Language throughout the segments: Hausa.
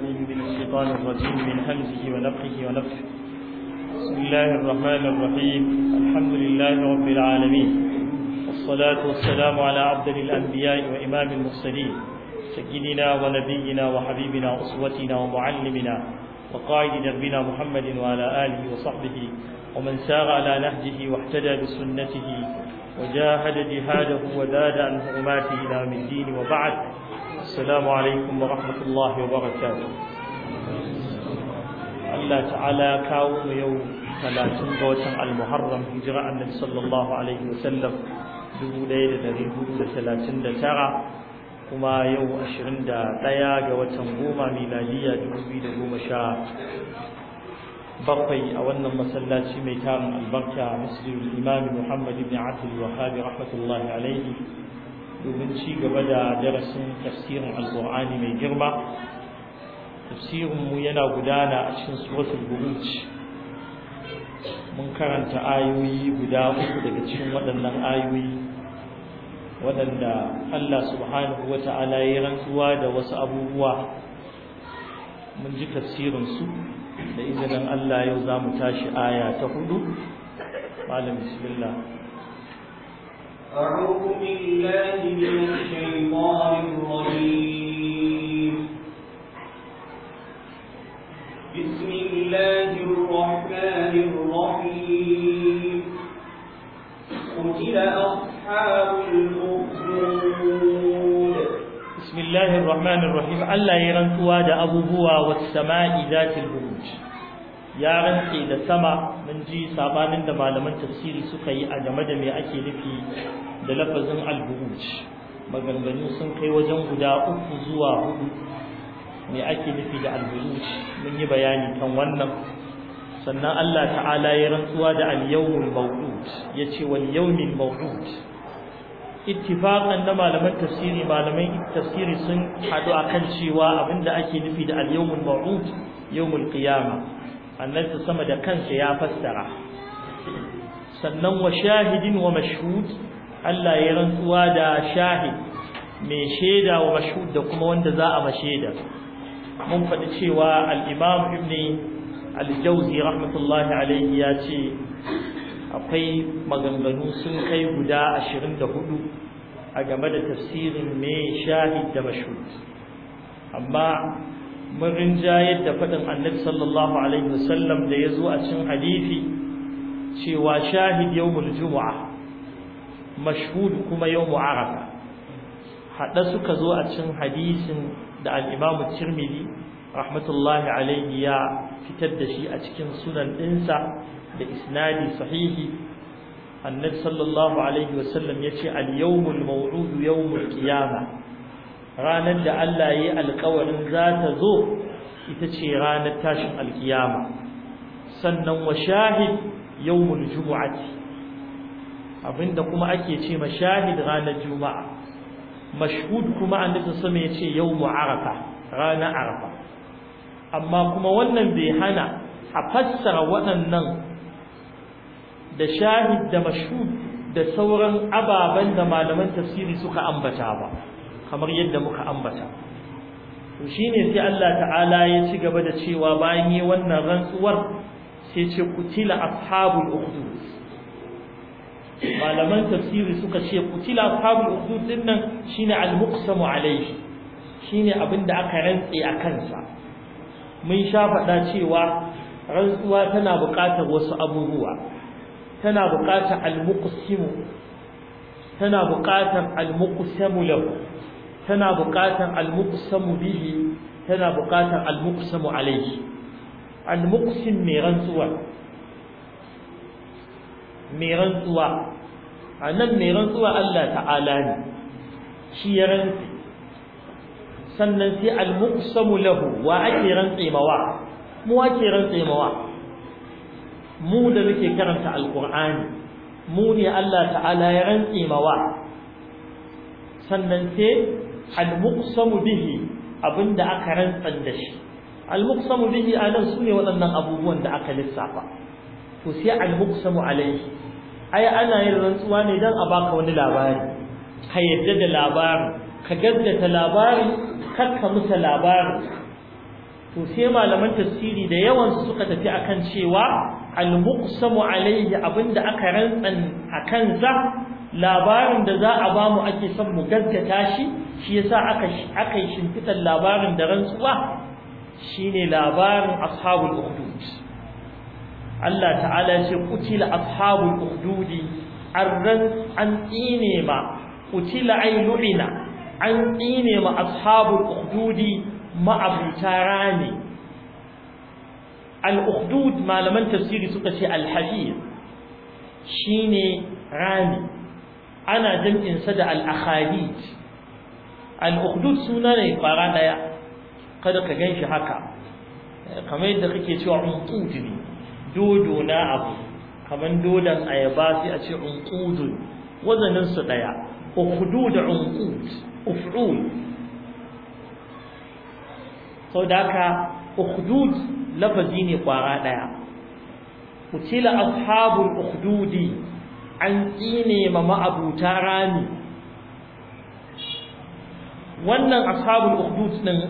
أعوذ من الشيطان الرجيم من همزه ونفخه ونفخه بسم الله الرحمن الرحيم الحمد لله رب العالمين والصلاة والسلام على عبد الأنبياء وإمام المرسلين سيدنا ونبينا وحبيبنا أسوتنا ومعلمنا وقائد دربنا محمد وعلى آله وصحبه ومن سار على نهجه واحتدى بسنته وجاهد جهاده وزاد عن حرماته إلى من دين وبعد السلام عليكم ورحمة الله وبركاته الله تعالى كاوم يوم ثلاثين غوثا المحرم هجرة النبي صلى الله عليه وسلم دو ليلة ذي هدود ثلاثين ترى kuma yau 21 ga watan goma miladiya 2017 bakwai a wannan masallaci mai tarin albarka muslimul imam Muhammad ibn Abdul Wahhab rahmatullahi alayhi domin ci gaba da darasin tafsirin alkur'ani mai girma tafsirinmu yana gudana a cikin suratul buruj mun karanta ayoyi guda uku daga cikin waɗannan ayoyi waɗanda Allah subhanahu wa ta'ala ya rantsuwa da wasu abubuwa mun ji tafsirin su, da izinin Allah yau za mu tashi aya ta hudu malam bismillah أعوذ بالله من الشيطان الرجيم بسم الله الرحمن الرحيم قتل أصحاب الأخدود بسم الله الرحمن الرحيم ألا يرنتوا دا أبو بوا والسماء ذات البروج يا رنتي دا سما من جي سابانين دا معلمان تفسيري سكي أجمد da lafazin al maganganu sun kai wajen guda uku zuwa hudu me ake nufi da al mun yi bayani kan wannan sannan Allah ta'ala ya rantsuwa da al-yawmul maw'ud yace wal yawmil maw'ud ittifaqan da malaman tafsiri malaman tafsiri sun hadu akan cewa abinda ake nufi da al-yawmul maw'ud yawmul qiyamah annabi sama da kansa ya fassara sannan wa shahidin wa mashhud Allah ya rantsuwa da shahid mai shaida wa mashhud da kuma wanda za a mashaida mun faɗi cewa al-Imam ibni al-Jawzi rahmatullahi alayhi ya ce akwai maganganu sun kai guda 24 a game da tafsirin mai shahid da mashhud amma mun rinjayar da faɗin Annabi sallallahu alaihi wasallam da yazo a cikin hadisi cewa shahid yawmul jumu'ah mashhud kuma yawmu arafa hada suka zo a cikin hadisin da al-imam tirmidhi rahmatullahi alayhi ya fitar da shi a cikin sunan dinsa da isnadi sahihi annabi sallallahu alaihi wasallam yace al-yawmul maw'ud yawmul qiyamah ranar da Allah yayi alƙawarin za ta zo ita ce ranar tashin alkiyama sannan wa shahid yawmul jumu'ati abinda kuma ake ce ma shahid ranar juma'a mashhud kuma annabi sama ya yau mu arafa ranar arafa amma kuma wannan bai hana a fassara waɗannan da shahid da mashhud da sauran ababen da malaman tafsiri suka ambata ba kamar yadda muka ambata to shine sai Allah ta'ala ya ci gaba da cewa bayan yi wannan rantsuwar sai ce kutila ashabul ukhdud malaman tafsiri suka ce kutila ashabul ukhdud din nan shine al-muqsamu alayhi shine abinda aka rantse a kansa mun sha faɗa cewa rantsuwa tana buƙatar wasu abubuwa tana buƙatar al-muqsimu tana buƙatar al-muqsamu lahu tana buƙatar al-muqsamu bihi tana buƙatar al-muqsamu alayhi al-muqsim mai rantsuwa mai rantsuwa a nan mai rantsuwa Allah ta'ala ne shi ya rantsi sannan sai al-muqsamu lahu wa ake rantsi mawa mu ake rantsi mawa mu da muke karanta Al-Qur'ani mu ne Allah ta'ala ya rantsi mawa sannan sai al-muqsamu bihi abinda aka rantsar da shi al-muqsamu bihi anan ne waɗannan abubuwan da aka lissafa to sai al-muqsamu alaihi ai ana yin rantsuwa ne dan a baka wani labari ka yadda da labari ka gaddata labari ka musa labari to sai malaman tafsiri da yawan suka tafi akan cewa al-muqsamu alayhi abinda aka rantsan akan za labarin da za a ba mu ake son mu gaddata shi shi yasa aka aka yi shimfitar labarin da rantsuwa shine labarin ashabul ukhdud Allah ta'ala ce kutila ashabul ukhdudi arran an tsine ma kutila ay lu'ina an tsine ma ashabul ukhdudi ma'abuta rani al-ukhdud malaman tafsiri suka ce al-hadid shine rani ana jam'in sa da al-akhadid al-ukhdud suna ne fara daya kada ka ganshi haka kamar yadda kake cewa ukhdud ne dodo na abu kaman dodon ayaba sai a ce unqudun wazanin su daya uqdu da unqud uf'ul sau daka ukhdud lafazi ne kwara daya utila ashabul ukhdudi an tsine ma ma'abuta rami wannan ashabul ukhdud din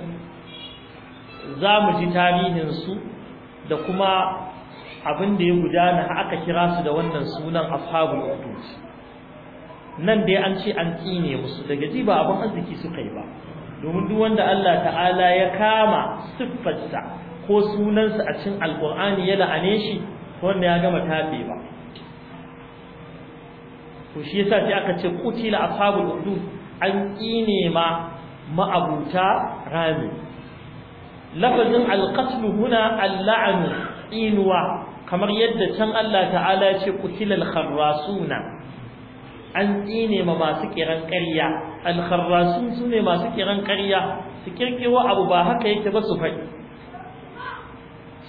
za mu ji su da kuma abin da ya gudana aka kira su da wannan sunan ashabul ukhdud nan dai an ce an tsine musu daga ji ba abin arziki suka yi ba domin duk wanda Allah ta'ala ya kama siffarsa ko sunansa a cikin alqur'ani ya la'ane shi wanda ya gama tafe ba to shi yasa sai aka ce qutila ashabul ukhdud an tsine ma ma'abuta rami lafazin alqatl huna al-la'n inwa kamar yadda can Allah ta'ala ya ce kutilal kharrasuna an tsine ma masu kiran ƙarya alkharrasun su ne masu kiran ƙarya su kirkiro abu ba haka yake ba su faɗi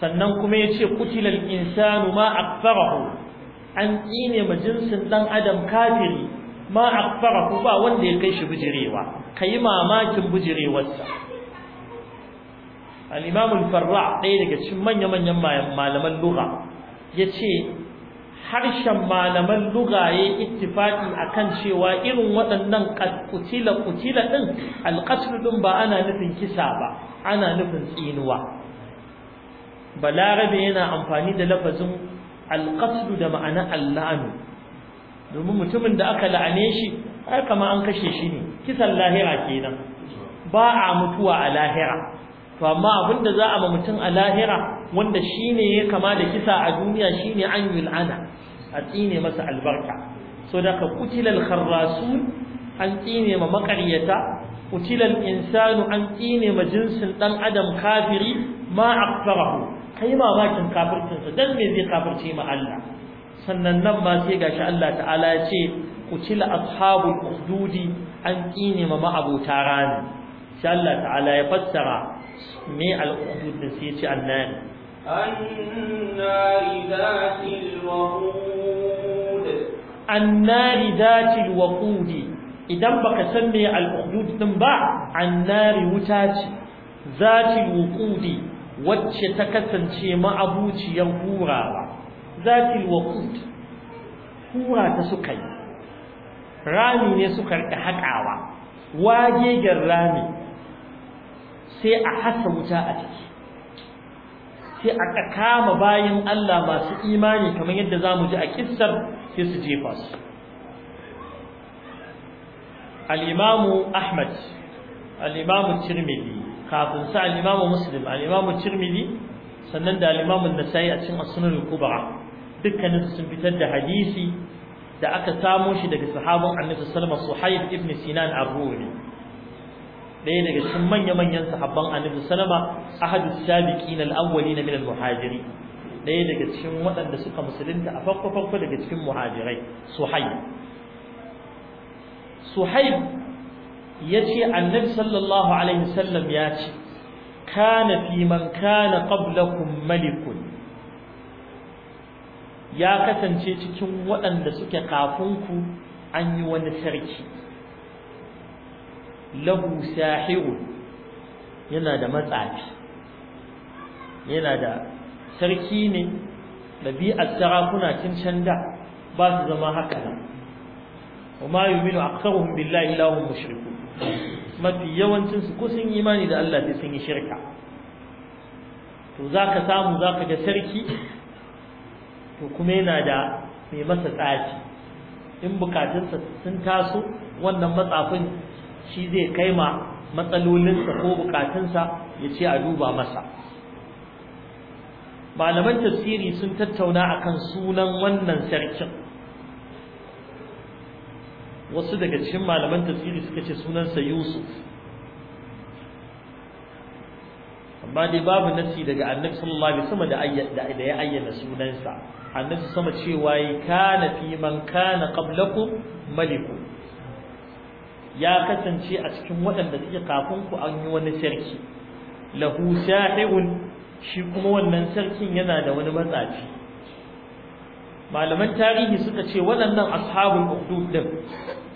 sannan kuma ya ce kutilal insanu ma akfarahu an tsine ma jinsin ɗan adam kafiri ma akfarahu ba wanda ya kai shi bijirewa ka yi mamakin bijirewarsa al-imamul farra ɗaya daga cikin manya-manyan malaman lugha ya ce harshen malaman lugaye ittifaki akan cewa irin waɗannan kutila kutila ɗin alƙasar ɗin ba ana nufin kisa ba ana nufin tsinuwa balarabe yana amfani da lafazin alƙasar da ma'ana allanu domin mutumin da aka la'ane shi ai ma an kashe shi ne kisan lahira kenan ba a mutuwa a lahira to amma abin da za a ma mutum a lahira wanda shine ya kama da kisa a duniya shine an yul'ana a tsine masa albarka so da ka kutilal kharrasun an tsine ma maƙaryata kutilal insanu an tsine ma jinsin dan adam kafiri ma akfarahu kai mamakin kafircinsa dan me zai kafirce ma Allah sannan nan ma sai gashi Allah ta'ala ya ce kutila ashabul ukhdudi an tsine ma ma'abuta rani sai Allah ta'ala ya fassara me al'udud din sai ce annan annari zatil waqud annari idan baka san me al'udud din ba annari wuta ce zatil waqud wacce ta kasance ma'abuciyar hurawa zatil waqud hura ta suka yi rami ne suka haƙawa wagegen rami sai a hasa wuta a ciki sai a kama bayan Allah masu imani kamar yadda za mu ji a kissar sai su jefa su al'imamu ahmad al'imamu Cirmidi kafin sa al'imamu muslim al'imamu Cirmidi sannan da al'imamun nasai a cin asunan kubra dukkanin sun fitar da hadisi da aka samo shi daga sahabon annabi sallama suhaib ibn sinan abu ne ɗaya daga cikin manya-manyan sahabban annabi sallama ahadu sabiqin al-awwalin min al-muhajiri ɗaya daga cikin waɗanda suka musulunta a farko farko daga cikin muhajirai Suhayb suhaib yace annabi sallallahu alaihi wasallam ya ce kana fi man kana qablakum malikun ya kasance cikin waɗanda suke kafin ku an yi wani sarki lahu sahirun yana da matsafi yana da sarki ne ɗabi'ar sarakuna tun can da ba su zama haka nan وما يؤمن أكثرهم بالله إلا هم مشركون yawancin su yi imani da Allah sai sun yi shirka to zaka samu zaka ga sarki to kuma yana da mai masa tsaci in bukatunsa sun taso wannan matsafin shi zai kai ma matsalolinsa ko bukatunsa ya ce a duba masa malaman tafsiri sun tattauna akan sunan wannan sarkin wasu daga cikin malaman tafsiri suka ce sunansa yusuf amma dai babu nasi daga annabi sallallahu alaihi sama da ya ayyana sunansa annabi sama cewa kana fi man kana qablakum maliku ya kasance a cikin waɗanda suke kafin ku an yi wani sarki lahu sahirun shi kuma wannan sarkin yana da wani matsaci malaman tarihi suka ce waɗannan ashabul ukhdud din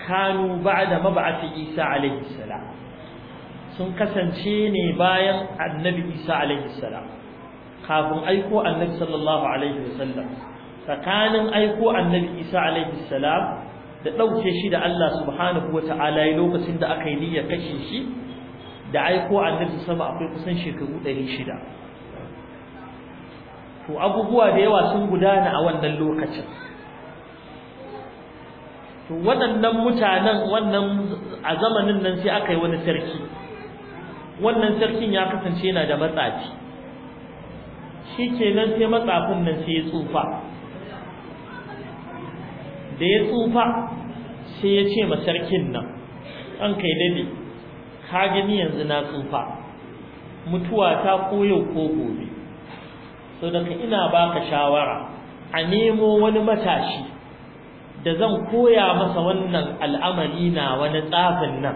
kanu ba'da mab'ath Isa alaihi salam sun kasance ne bayan annabi Isa alaihi salam kafin aiko annabi sallallahu alaihi wasallam tsakanin aiko annabi Isa alaihi salam da ɗauke shi da Allah subhanahu wa ta'ala ya lokacin da aka yi niyyar kashe shi da aiko annabi sama akwai kusan shekaru 600 to abubuwa da yawa sun gudana a wannan lokacin to waɗannan mutanen wannan a zamanin nan sai aka yi wani sarki wannan sarkin ya kasance yana da matsafi shikenan sai matsafin nan sai ya tsufa da ya tsufa sai ya ce ma sarkin nan an kai dade ka gani yanzu na tsufa mutuwa ta koyo ko gobe sau daga ina baka shawara a nemo wani matashi da zan koya masa wannan al'amari na wani tsafin nan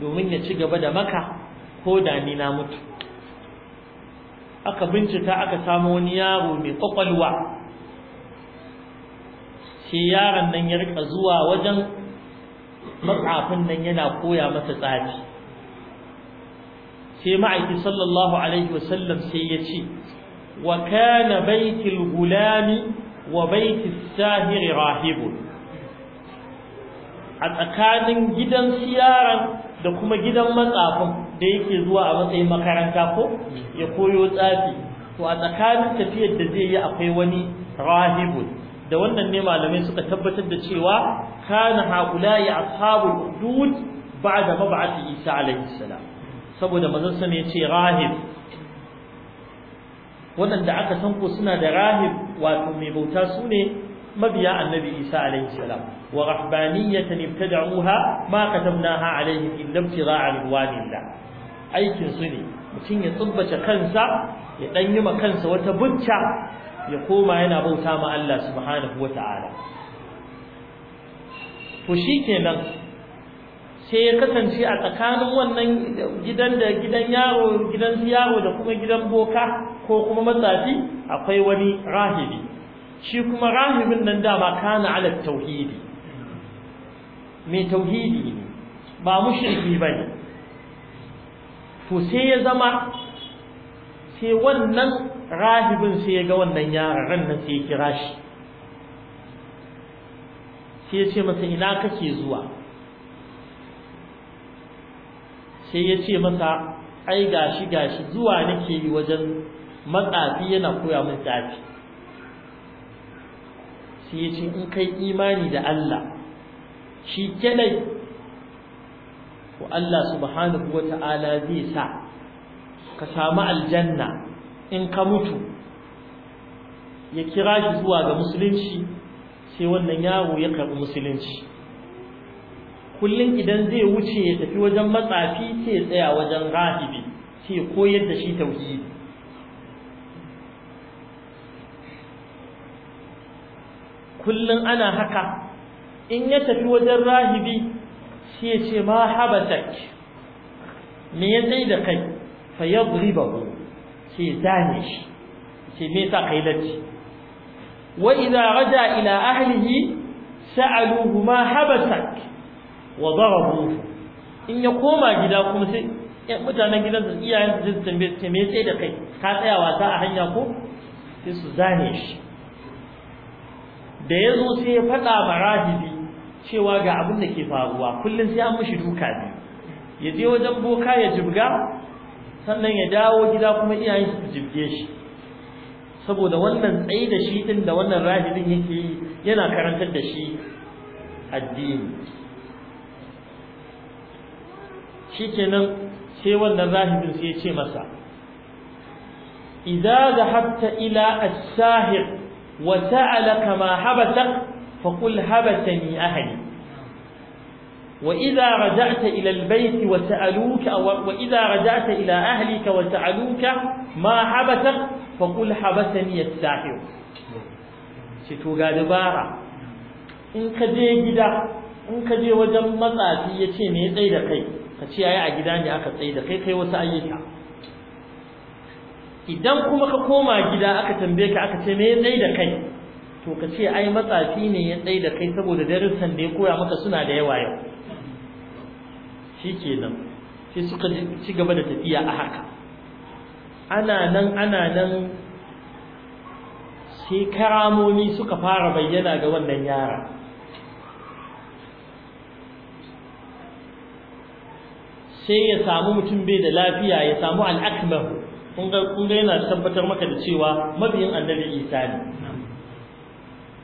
domin ya ci gaba da maka ko da ni na mutu aka bincika aka samu wani yaro mai kwakwalwa sai yaron nan ya rika zuwa wajen matsafin nan yana koya masa tsafi sai ma'aiki sallallahu alaihi wasallam sai ya ce wa kana baitul gulami wa baitis sahir rahibun a tsakanin gidan siyaran da kuma gidan matsafin da yake zuwa a matsayin makaranta ko ya koyo tsafi to a tsakanin tafiyar da zai yi akwai wani rahibun da wannan ne malamai suka tabbatar da cewa kana haula'i ashabul hudud ba'da mab'ath Isa alayhi salam saboda manzon sa ne ce rahib wannan da aka san ko suna da rahib wato mai bauta sune مبيا النبي عيسى عليه السلام ورهبانية ابتدعوها ما كتبناها عليهم إلا ابتغاء رضوان الله أي ne mutum ya tsubbace kansa ya ɗan yi kansa wata bucca ya koma yana bauta ma Allah subhanahu Ta'ala. to shi kenan sai ya kasance a tsakanin wannan gidan da gidan yaro gidan yaro da kuma gidan boka ko kuma matsafi akwai wani rahibi shi kuma rahibin nan dama kana ala tauhidi mai tauhidi ne ba mushriki bane to sai ya zama sai wannan rahibin sai ya ga wannan yaron ran nan sai ya kira shi sai ya ce masa ina kake zuwa sai ya ce masa ai gashi gashi zuwa nake yi wajen matsafi yana koya min tafi. sai ya ce in kai imani da Allah shi kadai ko Allah subhanahu Ta'ala zai sa ka samu aljanna in ka mutu ya kira shi zuwa ga musulunci sai wannan yaro ya karɓi musulunci kullum idan zai wuce ya tafi wajen matsafi sai ya tsaya wajen rahibi sai ya koyar da shi tauhidi kullum ana haka in ya tafi wajen rahibi sai ya ce ma habatak me ya tsaye da kai fa yadribahu sai zane shi ce me yasa kai latti wa idza raja ila ahlihi sa'aluhu ma habasak wa darabuhu in ya koma gida kuma sai mutanen gidansa iyayen su tambaye su me sai da kai ka tsaya wasa a hanya ko sai su zane shi da ya zo sai ya faɗa ma rahibi cewa ga abin da ke faruwa kullum sai an mishi duka biyu ya je wajen boka ya jibga sannan ya dawo gida kuma iyayen su jibge shi saboda wannan tsayi da shi din da wannan rahibin yake yi yana karantar da shi addini shikenan sai wannan rahibin sai ya ce masa idza dhahabta ila as-sahir wa ta'ala kama habata faqul habatani ahli وإذا رجعت إلى البيت وسألوك وإذا رجعت إلى أهلك وسألوك ما حبسك فقل حبسني الساحر شتوغا دبارة إن كجي جدا إن كجي وجم مطاتي يتي مي تسيد كي كشي أي أجداني أكا تسيد كي كي وسأيك idan kuma ka koma gida aka tambaye ka aka ce me ya tsaye da kai to ka ce ai matsafi ne ya tsaye da kai saboda darussan da ya koya maka suna da yawa yau shikenan sai suka ci gaba da tafiya a haka ana nan ana nan sai karamomi suka fara bayyana ga wannan yara sai ya samu mutum bai da lafiya ya samu al'akmar kun ga yana tabbatar maka da cewa mabiyin annabi isa ne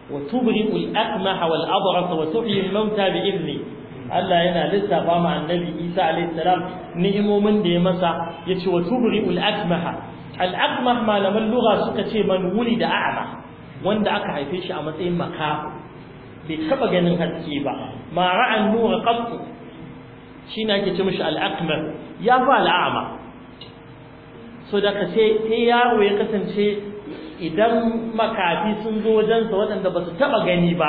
wa tubri'ul akmaha wal abrasa wa tuhyi al-mauta bi idni Allah yana lissafa ma annabi Isa alaihi salam ni'imomin da ya masa yace wa tubri'ul akmaha al akmah malaman lugha suka ce man wulida a'ma wanda aka haife shi a matsayin makaho bai taba ganin haske ba ma ra'an nura shi na ake ce mishi al akmah ya fa al a'ma so da kace sai yaro ya kasance idan makafi sun zo wajensa waɗanda ba su taba gani ba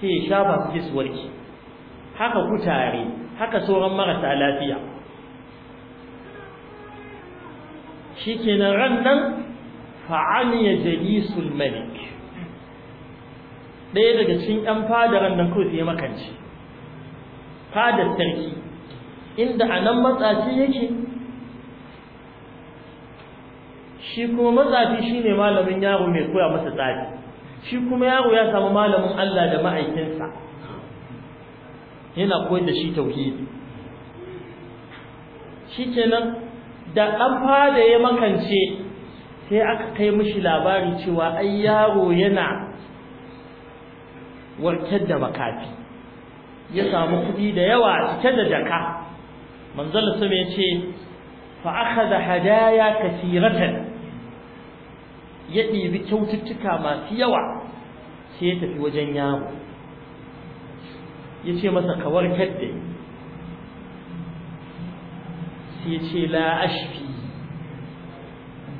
sai ya sha ba su warke. haka kutare haka sauran marasa lafiya shikenan ran nan ya jalisul malik ɗaya daga cikin ɗan fadaran nan kawai sai makanci fadar sarki inda a nan matsafi yake shi kuma matsafi shine malamin yaro mai koya masa tsafi shi kuma yaro ya samu malamin Allah da ma'aikinsa yana koyar da shi tauhidi shikenan da an fada ya makance sai aka kai mishi labari cewa ai yaro yana warkar da makafi ya samu kuɗi da yawa cike da jaka manzala sama ya ce fa akhadha hadaya kathiratan ya ɗibi kyaututtuka masu yawa sai ya tafi wajen yaro ya ce masa ka kadde sai ya ce la ashfi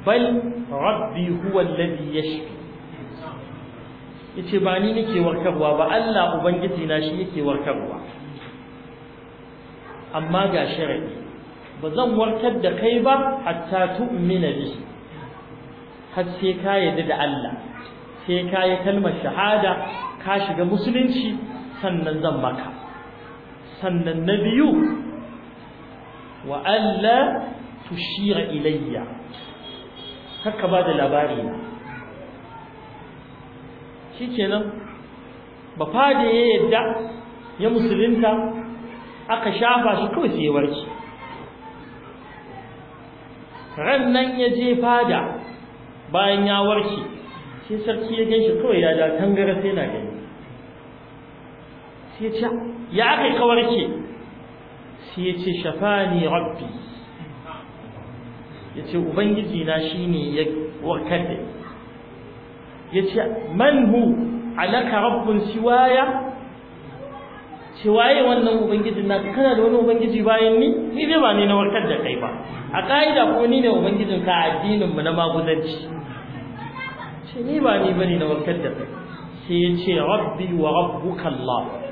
bal rabbi huwa alladhi yashfi yace ba ni nake warkarwa ba Allah ubangiji na shi yake warkarwa amma ga sharadi ba zan warkar da kai ba hatta tu'mina bi har sai ka yarda da Allah sai ka yi kalmar shahada ka shiga musulunci sannan zan baka, sannan na biyu wa alla tushira ilayya haka ba da labari na kenan ba fada ya yadda ya musulunta aka shafa shi kawai sai ya warke ran nan ya je fada bayan ya warke sai sarki ya gan shi kawai ya da tangara sai na gani sai ya ce ya akai kawarke sai ya ce shafani rabbi ya ce ubangiji na ne ya warkar da ya ce manhu hu alaka rabbun siwaya ce waye wannan ubangijin na kana da wani ubangiji bayan ni ni dai ba ni na warkar da kai ba a ka'ida ko ni ne ubangijin ka addininmu na magudanci? ce ni ba ni bane na warkar da kai sai ya ce rabbi wa rabbuka Allah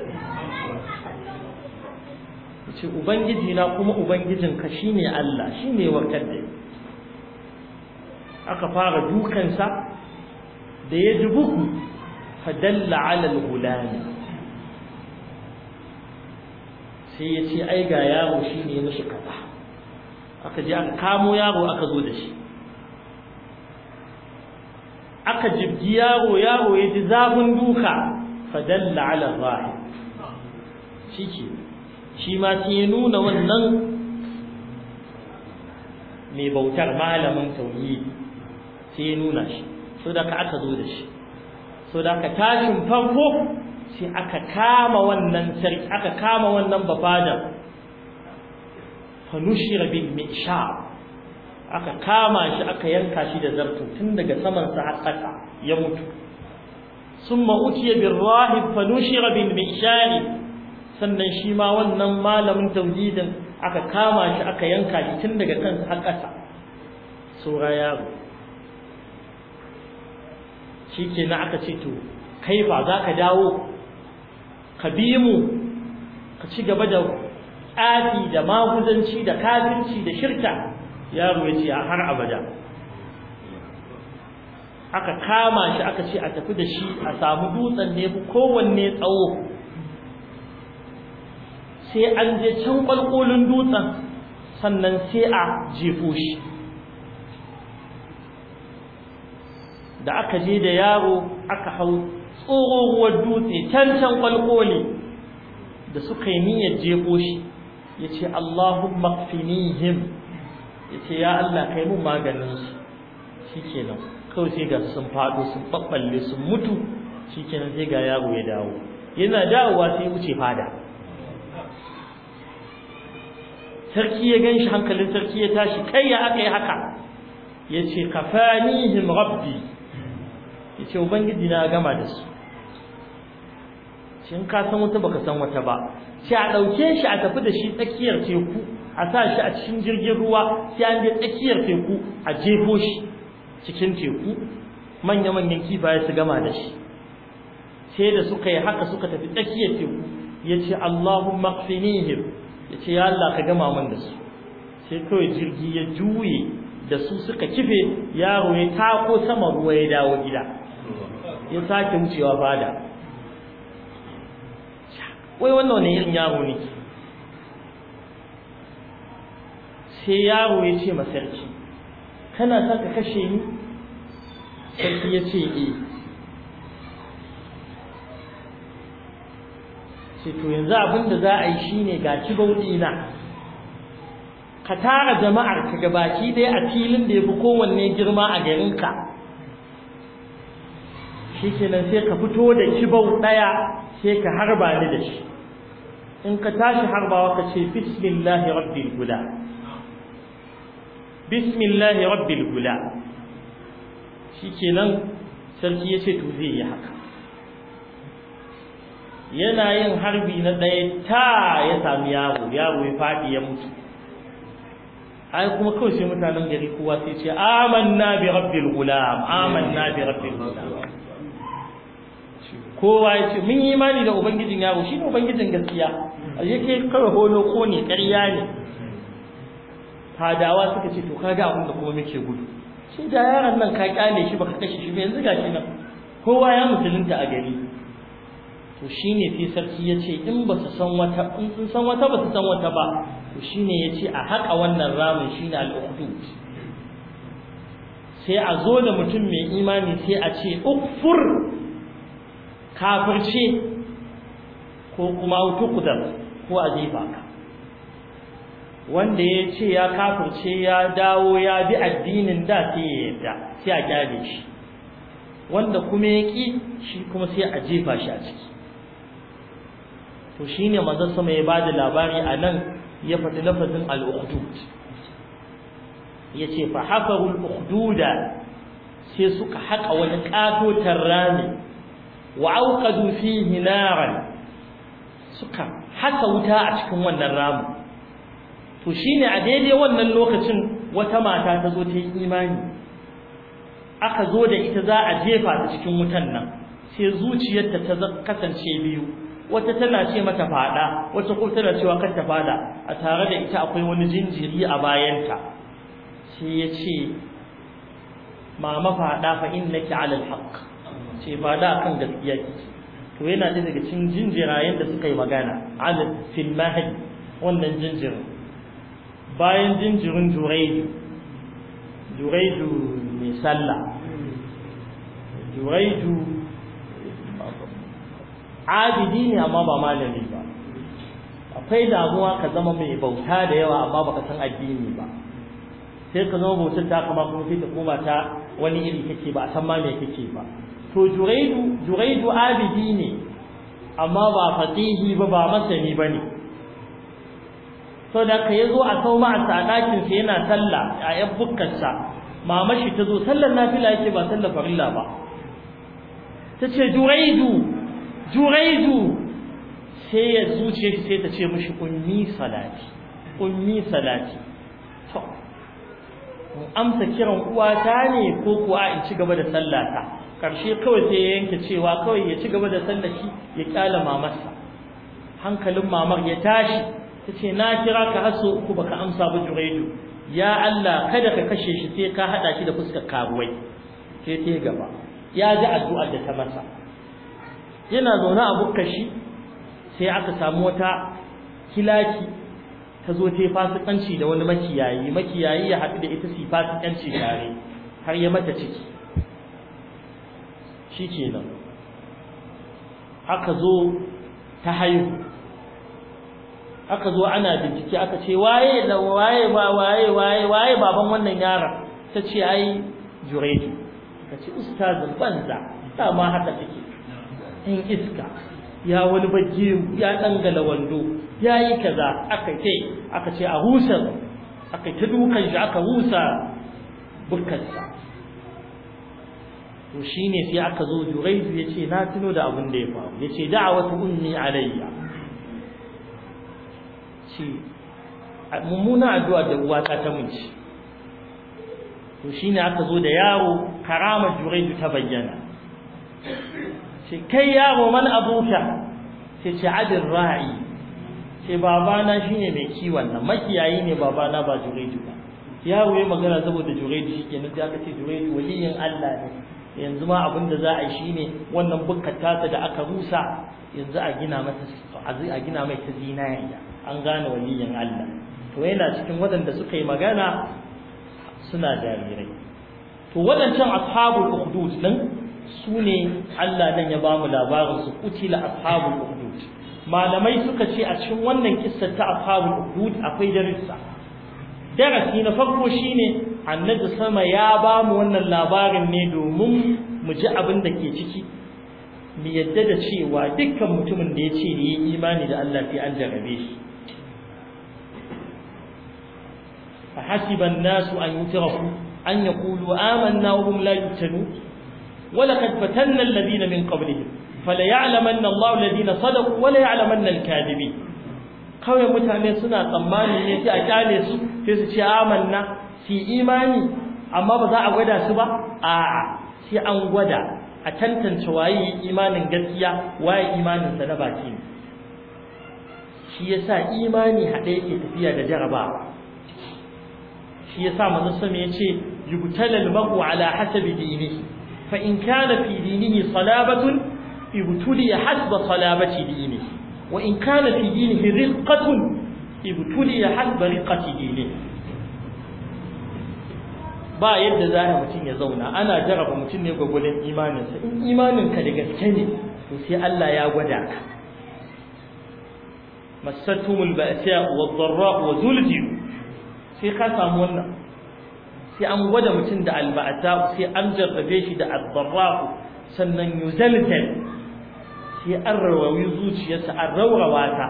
ce ubangiji na kuma ubangijinka shine Allah shine warkar da aka fara dukansa da ya ji bugu fadalla ala al-gulani sai ya ce ai ga yaro shine ya mishi kaza aka je aka kamo yaro aka zo da shi aka jibgi yaro yaro ya ji zafin duka fadalla ala zahir shi ke shi ma sai ya nuna wannan mai bautar malamin tauhidi sai ya nuna shi so da ka aka zo da shi so da ka tashin farko sai aka kama wannan sarki aka kama wannan bafada fa rabin bil mishab aka kama shi aka yanka shi da zarto tun daga samansa har ƙasa ya mutu summa utiya bin rahib fa nushira bin mishari sannan shi ma wannan malamin tauhidin aka kama shi aka yanka shi tun daga kansa har ƙasa saura yaro shi ke na aka ce to kai ba za ka dawo ka bi mu ka ci gaba da ƙafi da maguzanci da kafinci da shirka yaro ya ce har abada aka kama shi aka ce a tafi da shi a samu dutsen ne kowanne tsawo sai an je can kwalkolin dutsen sannan sai a jefo shi da aka je da yaro aka hau tsohuwar dutse can can kwalkoli da suka yi niyyar jefo shi ya ce Allahun makfinihim ya ce ya Allah kai mun maganinsu shi kenan kawai sai ga sun faɗo sun ɓaɓɓalle sun mutu shi kenan sai ga yaro ya dawo yana dawowa sai wuce fada sarki ya ganshi hankalin sarki ya tashi kai ya aka yi haka yace kafanihim rabbi yace ubangiji na gama da su cin ka san wata baka san wata ba sai a dauke shi a tafi da shi tsakiyar teku a sa shi a cikin jirgin ruwa sai an je tsakiyar teku a jefo shi cikin teku manya manyan kifaye su gama da shi sai da suka yi haka suka tafi tsakiyar teku yace Allahumma qfinihim Yace ce ya Allah ka gama min da su sai kawai jirgi ya juye da su suka kife yaro ya tako sama ruwa ya dawo gida ya sake wucewa fada wai wannan ne irin yaro ne sai yaro ya ce masarki kana saka kashe ni sarki ya ce eh sai to yanzu abin da za a yi shine ga ci na ka tara jama'ar ka gabaki dai a filin da ya fi kowanne girma a garinka shi kenan sai ka fito da kibau ɗaya sai ka harba ni da shi in ka tashi harbawa ka ce bismillahi rabbil gula bismillahi rabbil gula shi kenan sarki ya ce to zai yi haka yana yin harbi na ɗaya ta ya sami yaro yaro ya faɗi ya mutu ai kuma kawai sai mutanen gari kowa sai ce amanna bi rabbil gulam amanna bi rabbil gulam kowa ya ce mun yi imani da ubangijin yaro shi ne ubangijin gaskiya yake kawai holo ko ne ƙarya ne fadawa suka ce to kaga abin da kuma muke gudu shi da yaron nan ka kyale shi baka kashe shi ba yanzu gashi nan kowa ya musulunta a gari to shi ne sai sarki yace in ba su san wata in sun san wata ba su san wata ba to shi ne ya ce, a haƙa wannan ramin shi al-ukhdud sai a zo da mutum mai imani sai a ce ukfur kafirce ko kuma tuqdar ko a jefa ka wanda ya ce ya kafirce ya dawo ya bi addinin da sai ya yarda sai a gyare shi wanda kuma ya ƙi shi kuma sai a jefa shi a ciki to shine manzon sama ya bada labari a nan ya faɗi lafazin al Ya yace fa hafaru al-ukhduda sai suka haƙa wani katotar rami wa auqadu fihi naran suka haka wuta a cikin wannan ramu to shine a daidai wannan lokacin wata mata ta zo ta yi imani aka zo da ita za a jefa ta cikin wutan nan sai zuciyarta ta kasance biyu wata tana ce mata fada wata kuma tana cewa kan ta fada a tare da ita akwai wani jinjiri a bayanta sai ya ce mama fada fa innaki ala alhaq ce fada kan gaskiya kike to yana da daga cikin jinjirayen da suka yi magana ala fil mahdi wannan jinjirin bayan jinjirin juraidu juraidu mai sallah juraidu abidi ne amma ba malami ba akwai damuwa ka zama mai bauta da yawa amma baka san addini ba sai ka zama bautar ta kama kuma sai ta koma ta wani iri kake ba a san ma me kake ba to juraidu juraidu abidi ne amma ba fasihi ba ba masani ba ne sau da ka yazo a sauma ma a sadakin sa yana sallah a yan bukkarsa mamashi ta zo sallar nafila yake ba sallar farilla ba ta ce juraidu juraizu sai ya zuce sai ta ce mishi kunni salati kunni salati to in amsa kiran uwata ne ko kuwa in ci gaba da sallata karshe kawai sai ya yanke cewa kawai ya ci gaba da sallashi ya kyala mamarsa hankalin mamar ya tashi ta ce na kira ka haso uku baka amsa ba juraidu ya Allah kada ka kashe shi sai ka hada shi da fuskar karuwai sai ta gaba ya ji addu'ar da ta masa yana zaune a bukka shi sai aka samu wata kilaki ta zo ta yi fasikanci da wani makiyayi makiyayi ya haɗu da ita su yi fasikanci tare har ya mata ciki shi kenan aka zo ta haihu aka zo ana bincike aka ce waye waye ba waye waye waye baban wannan yara ta ce ai juraidu ka ce ustazin banza ma haka take in iska ya wani bajji ya dangala wando ya yi kaza aka ce aka ce a husar aka ta dukan shi aka husa bukansa to shine sai aka zo ya yace na tuno da abin da ya faru yace da'awatu ummi alayya shi mummuna addu'a da uwa ta ta mun to shine aka zo da yaro karama Jurayz ta bayyana ce kai yaro man abuka sai ce adin ra'ayi ce babana shine mai kiwon nan makiyayi ne babana ba juraidu ba yaro ya magana saboda juraidu shi ke nufi aka ce juraidu waliyin Allah ne yanzu ma abin da za a yi shine wannan bukata tasa da aka rusa yanzu a gina masa a gina mai ta zinariya an gane waliyin Allah to yana cikin waɗanda suka yi magana suna jarirai to waɗancan ashabul ukhdud din su ne Allah nan ya ba mu labarin su kutila ashabul ukhdud malamai suka ce a cikin wannan kissar ta ashabul ukhdud akwai darussa darasi na farko shine annabi sama ya ba mu wannan labarin ne domin mu ji abin da ke ciki mu yadda da cewa dukkan mutumin da ya ce da yi imani da Allah fi an jarabe shi fa hasiban nasu an yutrafu an yaqulu amanna wa hum la yutanu ولقد فتنا الذين من قبلهم فليعلمن الله الذين صدقوا وليعلمن الكاذبين kawai mutane suna tsammani ne sai a kyale su sai su ce amanna su imani amma ba za a gwada su ba a'a sai an gwada a tantance waye imanin gaskiya waye imanin na baki ne shi yasa imani haɗe yake tafiya da jarabawa shi yasa ya ce yace yubtalal mar'u ala hasabi dinihi فإن كان في دينه صلابة ابتلي حسب صلابة دينه وإن كان في دينه رقة ابتلي حسب رقة دينه ba yadda za a mutum ya zauna ana jaraba mutum ne gwagwalin imaninsa in imaninka da gaske ne to sai Allah ya gwada ka masattumul ba'sa wa dharra wa zulzil sai ka samu wannan sai an gwada mutum da alba'ata sai an jarrabe shi da addarraku sannan yuzalzal sai an rawayi zuciyarsa an rawawa ta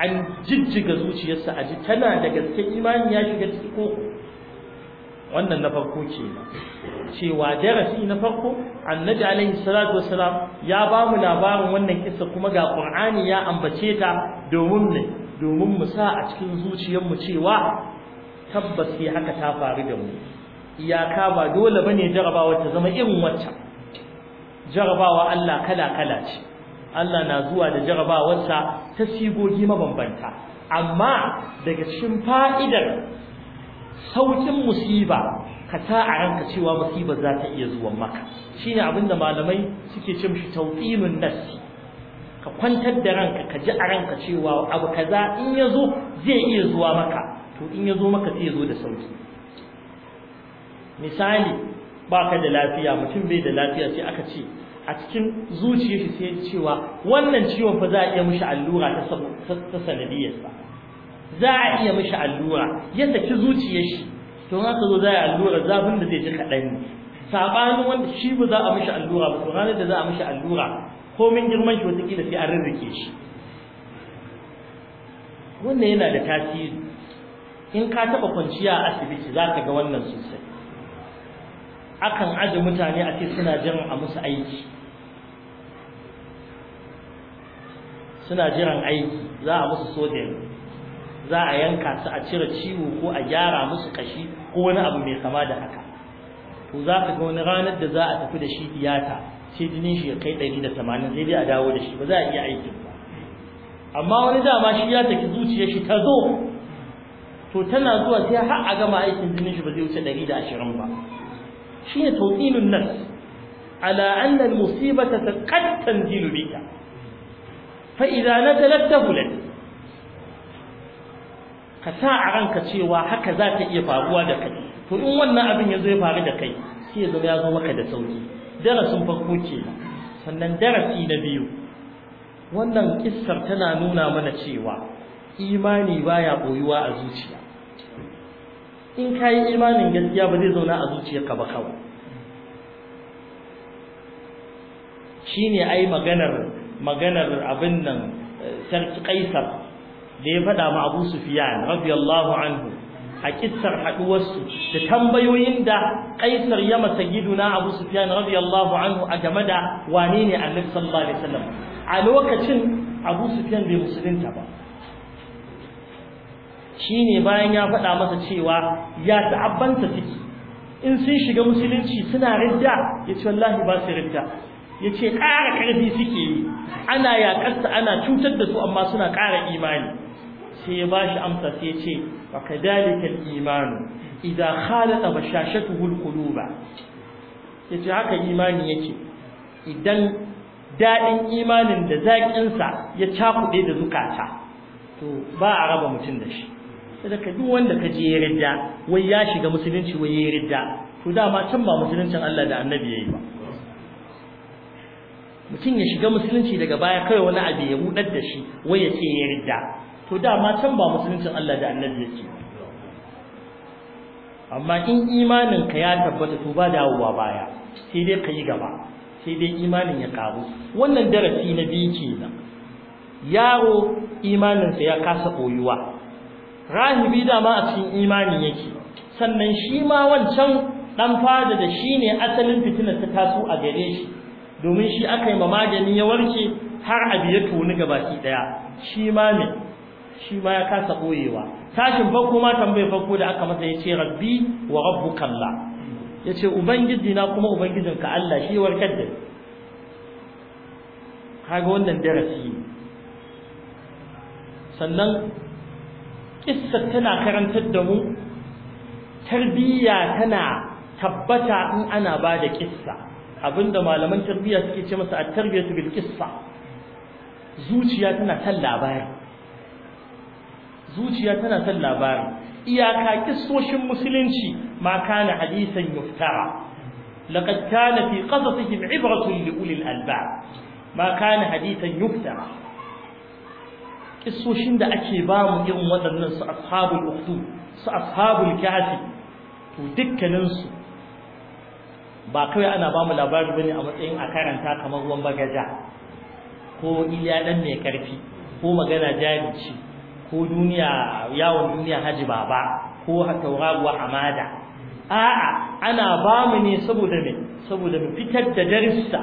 an jijjiga zuciyarsa a ji tana da gaske imani ya shiga ciki ko wannan na farko ce cewa darasi na farko annabi alaihi salatu wassalam ya ba mu labarin wannan kissa kuma ga qur'ani ya ambace ta domin ne domin mu sa a cikin zuciyarmu cewa tabbas sai haka ta faru da mu iyaka ba dole bane jarabawa ta zama irin wacce jarabawa Allah kala kala ce Allah na zuwa da jarabawarsa ta sigogi mabambanta amma daga cikin fa'idar saukin musiba ka sa a ranka cewa musiba za ta iya zuwa maka shine abinda malamai suke cin shi tawqinun nafsi ka kwantar da ranka ka ji a ranka cewa abu kaza in ya zai iya zuwa maka to in ya zo maka sai yazo zo da sauki misali baka da lafiya mutum bai da lafiya sai aka ce a cikin zuciyarsa shi sai cewa wannan ciwon fa za a iya mishi allura ta ta sanadiyarsa za a iya mishi allura ya saki zuciyar shi to za ka zo za a yi allura zafin da zai ji kaɗan ne sabanin wanda shi ba za a mishi allura ba to ranar da za a mishi allura komin girman shi wataƙila sai an rirrike shi wannan yana da tasiri in ka taɓa kwanciya a asibiti za ka ga wannan sosai akan aje mutane a ce suna jiran a musu aiki suna jiran aiki za a musu sojin za a yanka su a cire ciwo ko a gyara musu kashi ko wani abu mai kama da haka to za ka ga wani ranar da za a tafi da shi tiyata sai jinin shi ya kai ɗari da sai dai a dawo da shi ba za a iya aikin ba amma wani dama shi ya tafi zuciyar shi ta zo to tana zuwa sai har a gama aikin jinin shi ba zai wuce ɗari da ashirin ba shine tawqinun nas ala anna al-musibata qad tanzilu bika fa idza nazalat tahulat ka sa a ranka cewa haka za ta iya faruwa da kai to in wannan abin ya zo ya faru da kai shi ya zo ya zo maka da sauki darasin farko ce sannan darasi na biyu wannan kissar tana nuna mana cewa imani baya boyuwa a zuciya in ka yi imanin gaskiya ba zai zauna a zuciyarka ba kawai shi ne ai maganar maganar abin nan sarki kaisar da ya faɗa ma abu sufiyan rabiyallahu anhu a kissar haɗuwarsu da tambayoyin da kaisar ya masa giduna abu sufiyan rabiyallahu anhu a game da wane ne annabi sallallahu alaihi wasallam a lokacin abu sufiyan bai musulunta ba Shi ne bayan ya faɗa masa cewa ya ta'abbanta ciki, in sun shiga musulunci suna ridda ya ce wallahi ba su ridda ya ce ƙara ƙarfi suke yi ana yaƙarsa ana cutar da su amma suna ƙara imani sai ya bashi amsa sai ya ce wa imani al-iman idza khalata bashashatuhu al ya yace haka imani yake idan daɗin imanin da zaƙinsa ya cakuɗe da zukata to ba a raba mutum da shi sadaka duk wanda ka je ya ridda wai ya shiga musulunci wai ya ridda to dama can ba musuluncin Allah da annabi yayi ba mutum ya shiga musulunci daga baya kai wani abu ya budar da shi wai ya ce ya ridda to dama can ba musuluncin Allah da annabi yake amma in imanin ka ya tabbata to ba dawowa baya sai dai ka yi gaba sai dai imanin ya karu wannan darasi na biyu kenan yaro imaninsa ya kasa koyuwa rahibi dama a cikin imani yake sannan shi ma wancan dan fada da shi ne asalin fitinar ta taso a gare shi domin shi aka yi ma magani ya warke har abu ya tuni ga baki daya shi ma ne shi ma ya kasa boyewa tashin farko ma tambaye farko da aka masa yace rabbi wa rabbuka allah yace ubangiji na kuma ubangijinka Allah shi warkar da kaga wannan darasi sannan kissa tana karantar da mu tarbiyya tana tabbata in ana ba da kissa abinda malaman tarbiyya suke ce masa a tarbiyatu bil zuciya tana san labari zuciya tana san labari iyaka kissoshin musulunci ma kana hadisan yuftara laqad kana fi qasasihim ibratun li ulil albab ma kana hadisan yuftara Kisoshin da ake ba mu irin waɗannan su ashabul ukhdud su ashabul kahfi to dukkanin su ba kawai ana ba mu labari bane a matsayin a karanta kamar ruwan bagaja ko iliya dan mai karfi ko magana jari ko duniya yawon duniya haji baba ko tauraruwa hamada a'a ana ba mu ne saboda me saboda mu fitar da darussa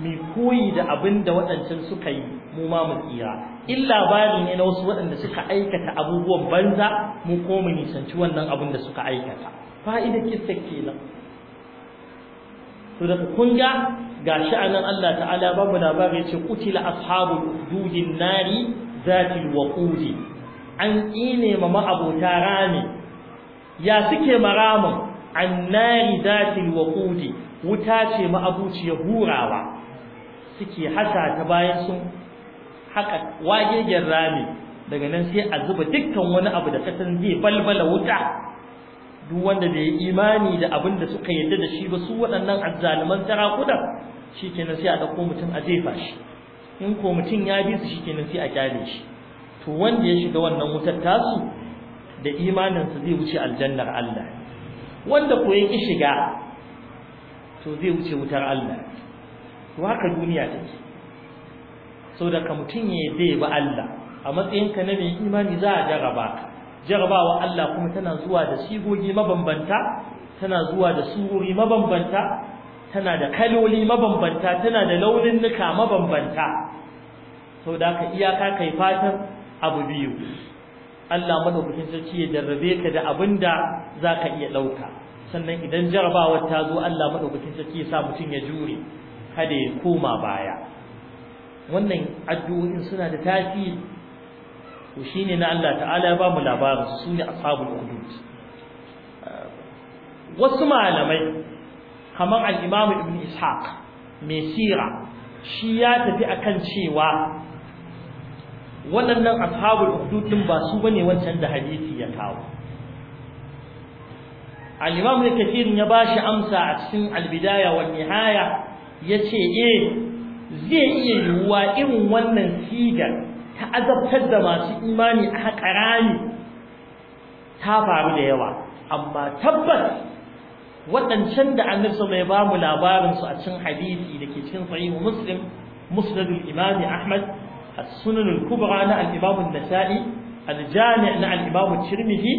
mu koyi da abin da waɗancan suka yi mu ma mu tsira in labari ne na wasu waɗanda suka aikata abubuwan banza mu ko nisanci wannan abin da suka aikata fa'idar kissa kenan to da kun ga gashi anan Allah ta'ala ba mu labari kutil qutila ashabul uhdudin nari zatil waqudi an kine ma ma'abota rami ya suke maramun annari zatil waqudi wuta ce ya hurawa suke hasa ta bayan sun haka wagegen rami daga nan sai a zuba dukkan wani abu da katan zai balbala wuta duk wanda da ya imani da abin da suka yadda da shi ba su waɗannan azzaluman sarakunan shikenan sai a ɗauko mutum a jefa shi in ko mutum ya bi su shikenan sai a kyale shi to wanda ya shiga wannan wutar tasu da imaninsa zai wuce aljannar Allah wanda ko ya ki shiga to zai wuce wutar Allah to haka duniya take so da mutum ya yi ba Allah a matsayinka na mai imani za a jaraba jarabawa Allah kuma tana zuwa da sigogi mabambanta tana zuwa da sururi mabambanta tana da kaloli mabambanta tana da launin nuka mabambanta sau da ka iyaka kai fatan abu biyu Allah madaukakin sarki ya jarrabe ka da abin da za ka iya ɗauka sannan idan jarabawar ta zo Allah madaukakin sarki ya sa mutum ya jure kada ya koma baya wannan addu'o'in suna da tasiri to shine na Allah ta'ala ya ba mu labarin su ne ashabul ukhdud wasu malamai kamar al-Imam Ibn Ishaq mai sira shi ya tafi akan cewa waɗannan ashabul ukhdud din ba su bane wancan da hadisi ya kawo al-Imam Ibn Kathir ya bashi amsa a cikin al-Bidaya ya Nihaya yace eh zai iya yiwuwa irin wannan sigar ta azabtar da masu imani a haƙarani ta faru da yawa amma tabbas waɗancan da annabta mai ba mu labarinsu a cin hadisi da ke cikin sahihu muslim musnadul imami ahmad as-sunan kubra na al-imam an-nasa'i al-jami' na al-imam tirmidhi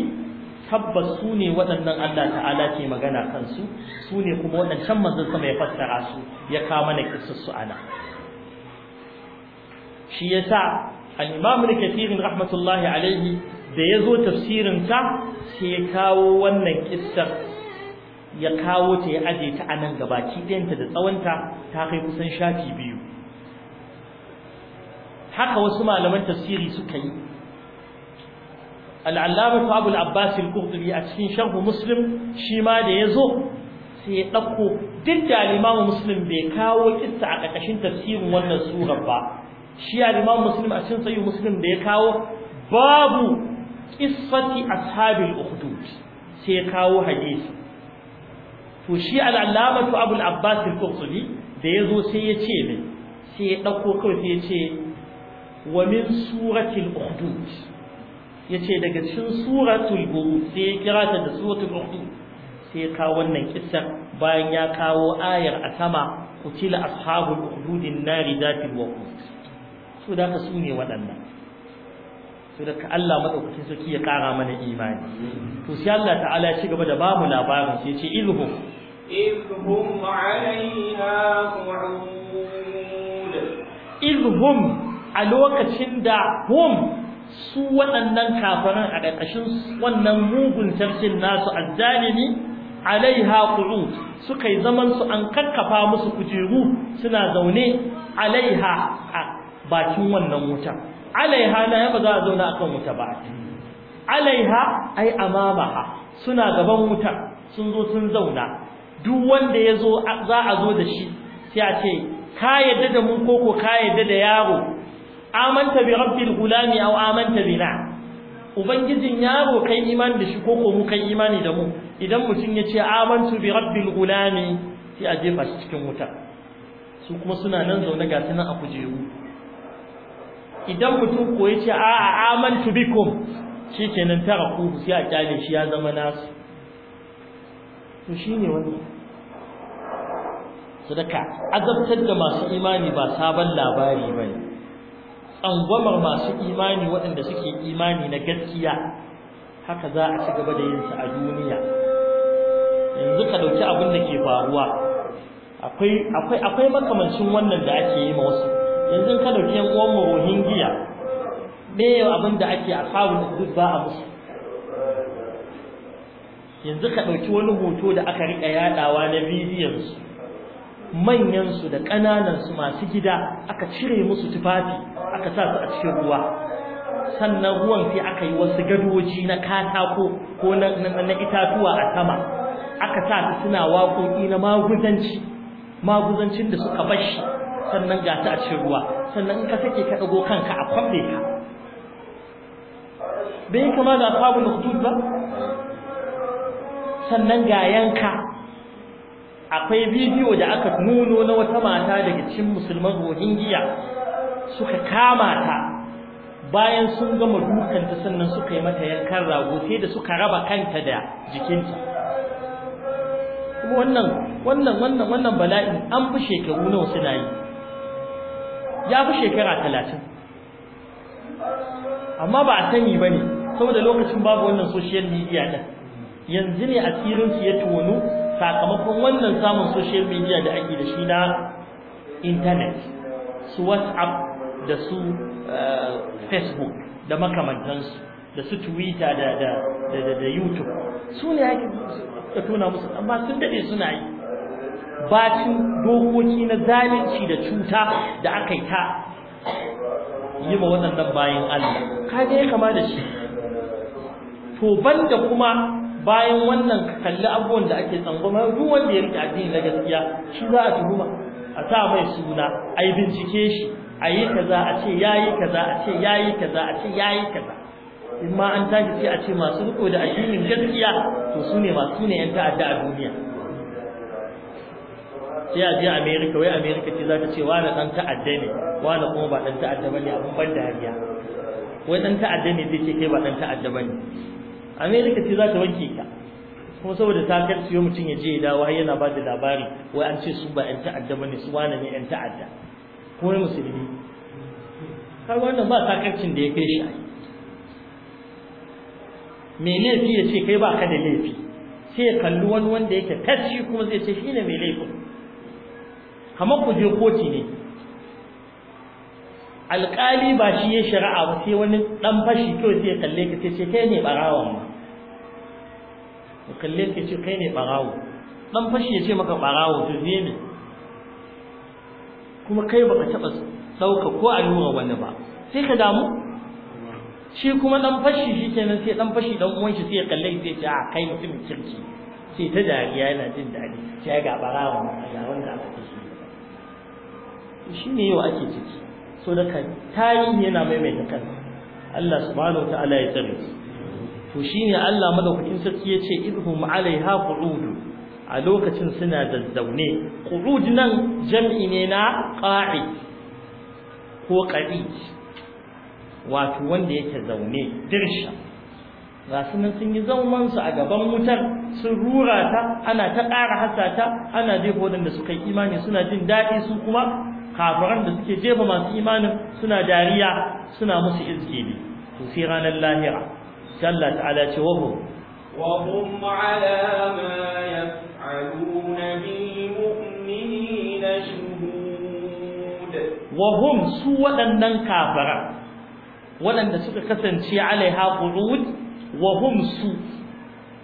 tabbas su ne waɗannan Allah ta'ala ke magana kansu su ne kuma waɗancan manzon sama mai fassara su ya kawo mana kissarsu ana shi yasa al-Imam al-Kathir rahmatullahi alaihi da yazo tafsirin ta sai ya kawo wannan kissar ya kawo ta ya aje ta anan gabaki ɗayanta da tsawonta ta kai kusan shafi biyu haka wasu malaman tafsiri suka yi al-Allama Abu al-Abbas al-Qurtubi a cikin sharhu Muslim shi ma da yazo sai ya ɗauko duk da alimamu musulun bai kawo kissa a ƙarƙashin tafsirin wannan surar ba shi alimamu a cikin tsayu musulun da ya kawo babu kissati ashabil ukhdud sai ya kawo hadisi to shi al'allamatu abul abbas al-qurtubi da yazo sai ya ce ne sai ya ɗauko kawai sai ya ce wa min suratil ukhdud yace daga cikin suratul buruj sai ya kira ta da suratul ukhdud sai ka wannan kissan bayan ya kawo ayar a sama kutila ashabul ukhdudin nari zatil waqud su da ka su ne su da ka Allah madaukakin sarki ya kara mana imani to sai Allah ta'ala ya ci gaba da bamu labarin sai ce ilhum ilhum a lokacin da hum su waɗannan kafaran a ƙarƙashin wannan mugun tafsir nasu azzalimi alaiha qu'ud suka yi zaman su an kakkafa musu kujeru suna zaune alaiha a bakin wannan wuta alaiha na yaba za a zauna akan wuta ba alaiha ai amamaha suna gaban wuta sun zo sun zauna duk wanda yazo za a zo da shi sai a ce ka yadda da mu koko ka yadda da yaro amanta bi rabbil gulami aw amanta bina ubangijin yaro kai imani da shi ko ko mu kai imani da mu idan mutum ya ce amantu bi rabbil gulami sai a jefa shi cikin wuta su kuma suna nan zaune ga tunan a kujeru idan mutum ko ya ce a'a amantu bikum shi kenan tara ku sai a kyale shi ya zama nasu to shine wannan sadaka azabtar da masu imani ba sabon labari bane tsangwamar masu imani waɗanda suke imani na gaskiya haka za a ci gaba da yin sa a duniya yanzu ka dauki abin da ke faruwa akwai akwai akwai makamancin wannan da ake yi ma wasu yanzu ka dauki yan uwan mu Rohingya me abin da ake a kawo duk ba a musu yanzu ka dauki wani hoto da aka rika yadawa na bidiyon su manyansu da ƙananansu masu gida aka cire musu tufafi aka sa su a cikin ruwa sannan ruwan sai aka yi wasu gadoji na katako ko na itatuwa a sama aka sa su suna waƙoƙi na maguzanci maguzancin da suka bashi sannan ga ta a cikin ruwa sannan in ka sake ka ɗago kanka a kwaɓe ka bai kama da sabon hudud sannan ga yanka akwai bidiyo da aka nuno na wata mata daga cikin musulman rohingya suka kama ta bayan sun gama ta sannan suka yi mata yankan rago sai da suka raba kanta da jikinta wannan wannan wannan wannan bala'in an fi shekaru nawa suna yi ya fi shekara talatin amma ba a sani bane saboda lokacin babu wannan social media din yanzu ne a su ya tono sakamakon wannan samun social media da ake da shi na internet su whatsapp da su eh, facebook da makamantansu da su twitter da youtube su ne ake da tuna musu amma sun dade suna yi bacin dokoki na zalunci da cuta da aka yi ta yi ma waɗannan bayan Allah kaga ya kama da shi to banda kuma bayan wannan kalli abubuwan da ake tsangwama duk wanda ya rike addini na gaskiya shi za a tuhuma a sa mai suna a yi bincike shi a yi kaza a ce yayi kaza a ce yayi kaza a ce yayi kaza in ma an tashi sai a ce masu riko da addinin gaskiya to su ne masu ne yan ta'adda a duniya sai a je America wai America ce za ta ce wani dan ta'adda ne wani kuma ba dan ta'adda ne abun ban dariya wai dan ta'adda ne zai ce kai ba dan ta'adda ne? america ce za ta wanke ka kuma saboda ta kar siyo mutum ya je ya dawo har yana ba da labari wai an ce su ba yan ta'adda ne su wane ne yan ta'adda kuma musulmi har wannan ba sakarcin da ya kai shi mai laifi ya ce kai ba ka da laifi sai ya kalli wani wanda yake tashi kuma zai ce shi ne mai laifin kamar ku je koti ne alƙali ba shi ya shari'a ba sai wani ɗan fashi kawai sai ya kalle ka sai ce kai ne ɓarawan ba ka kalle ka ce kai ne barawo dan fashi ya ce maka barawo to ne ne kuma kai baka taba sauka ko a allura wani ba sai ka damu shi kuma dan fashi shi kenan sai dan fashi dan uwan shi sai ya kalle sai ce a kai mutum kirki sai ta dariya yana jin dadi sai ga barawo ga wanda aka shi ne yau ake ciki so da tarihi yana maimaita kansa Allah subhanahu wa ta'ala ya tsare shi to ne Allah madaukakin sarki yace idhum alaiha qu'ud a lokacin suna da zaune qu'ud nan jam'i ne na qa'i ko qadi wato wanda yake zaune dirsha ga nan sun yi zauman su a gaban wutar sun rura ta ana ta ƙara hasata ana jefa waɗanda suka yi imani suna jin daɗi su kuma kafiran da suke jefa masu imanin suna dariya suna musu izgili to sai ranar lahira Allah ta'ala ce wa hum wa hum ala ma yaf'aluna bil mu'minina shuhud wa hum su waɗannan kafara waɗanda suka kasance alaiha qurud wa hum su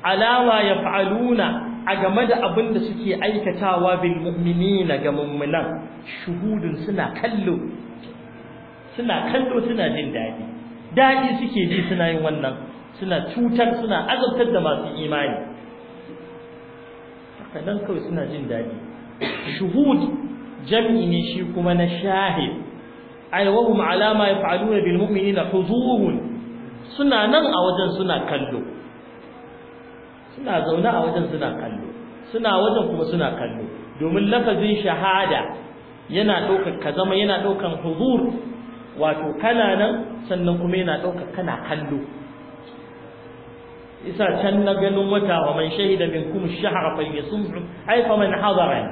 alama yaf'aluna a game da abin da suke aikatawa bil mu'minina ga mu'minan shuhudun suna kallo suna kallo suna jin daɗi daɗi suke ji suna yin wannan suna cutar suna azabtar da masu imani haka kawai suna jin daɗi shuhud jam'i ne shi kuma na shahid ay wa hum ala ma yaf'aluna bil mu'minina huzurun suna nan a wajen suna kallo suna zaune a wajen suna kallo suna wajen kuma suna kallo domin lafazin shahada yana ɗaukar ka zama yana ɗaukar huzur wato kana nan sannan kuma yana ɗaukar kana kallo isa can na ganin wata wa mai shahida min kum shahra fa yasumhu ai man hadara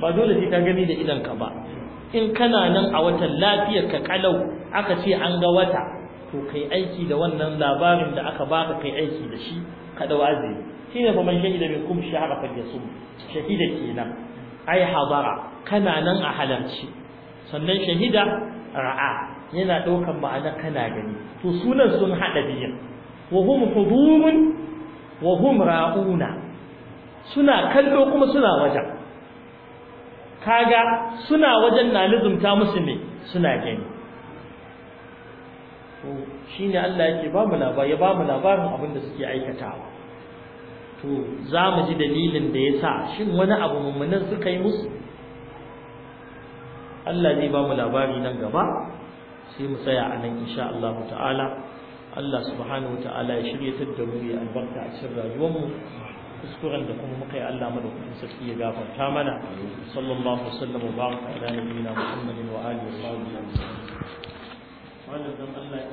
ba dole sai ka gani da idan ka ba in kana nan a watan lafiyar ka kalau aka ce an ga wata to kai aiki da wannan labarin da aka baka kai aiki da shi ka dau Shi shine fa man shahida min kum shahara fa yasum shahida kenan ai hadara kana nan a halarci sannan shahida ra'a yana daukan ma'ana kana gani to sunan sun hada biyan wa hum suna kallo kuma suna wajen kaga suna wajen na lizumta musu ne suna gani shi Allah yake ba mu labarin ya ba mu labarin abin da suke aikatawa to za mu ji dalilin da ya sa shin wani abu mummunan suka yi musu Allah zai ba mu labari nan gaba sai mu tsaya a nan insha Allah ta'ala Allah subhanahu wataala ya shirya ta da mu albarka a cikin rayuwar mu kuskuren da kuma muka yi Allah madaukakin sarki ya gafarta mana sallallahu alaihi wasallam wa baraka ala nabiyina Muhammadin wa alihi wa sahbihi